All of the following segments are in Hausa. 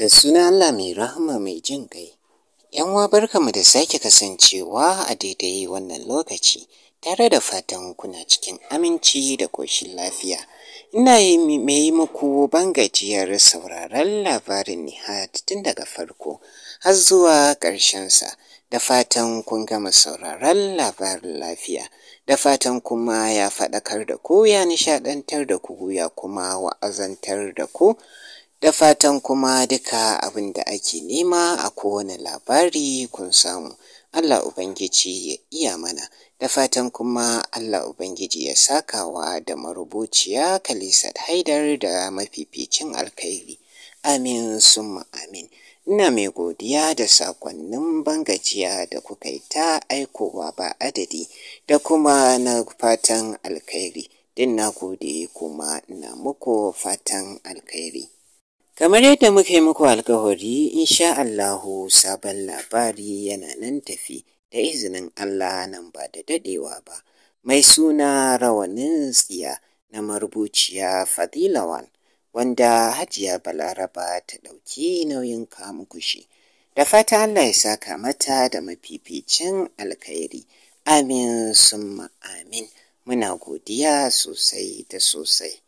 da suna Allah mai rahama mai jin kai. Yanwa barkamu da sake kasancewa a daidai wannan lokaci tare da fatan kuna cikin aminci da koshin lafiya. Ina yi mai muku gajiyar sauraron labarin Nihat tun daga farko har zuwa ƙarshensa da fatan kun gama sauraron labarin lafiya. da fatan kuma ya faɗakar da ku ya nishaɗantar da ku ya kuma wa'azantar da ku da fatan kuma duka abin da ake nema a kowane labari kun samu Allah Ubangiji ya iya mana da fatan kuma Allah Ubangiji ya sakawa da marubuciya kalisar Haidar da mafificin alkhairi amin summa amin ina mai godiya da sakonnin bangajiya da kuka yi ta aikowa ba adadi da kuma na fatan alkhairi din na gode kuma na muku fatan alkhairi Kamar yadda muka yi muku alkawari, insha Allahu sabon labari yana nan tafi da izinin Allah nan ba da dadewa ba. Mai suna rawanin tsiya na marubuciya Fadilawan, wanda Hajiya Balaraba ta ɗauki nauyin kamukushi. Da fata Allah ya saka mata da mafificin alkhairi. Amin summa amin. Muna godiya sosai da sosai.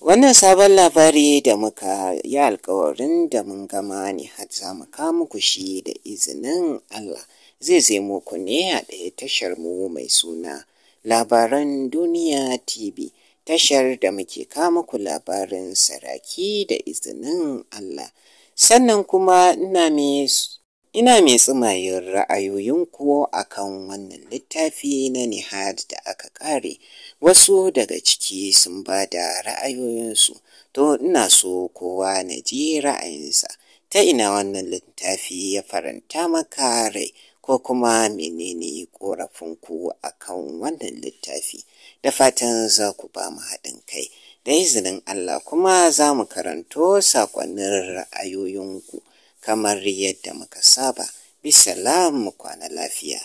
Wannan sabon labari da muka yi alkawarin da mun gama ne har za mu kawo muku shi da izinin Allah zai zai muku ne a ɗaya tashar mu mai suna labaran duniya TV tashar da muke kawo muku labarin saraki da izinin Allah sannan kuma ina mai Ina mai tsimayin ra'ayoyin a kan wannan littafi na Nihad da aka ƙare, wasu daga ciki sun ba da ra'ayoyinsu, to ina so kowa na ji ra'ayinsa. Ta ina wannan littafi ya faranta maka rai ko kuma menene ƙorafinku a kan wannan littafi, da fatan za ku ba mu haɗin kai. Da izinin Allah kuma za mu karanto saƙonnin ra'ayoyinku. kamar yadda muka saba. Bisalam mu kwana lafiya.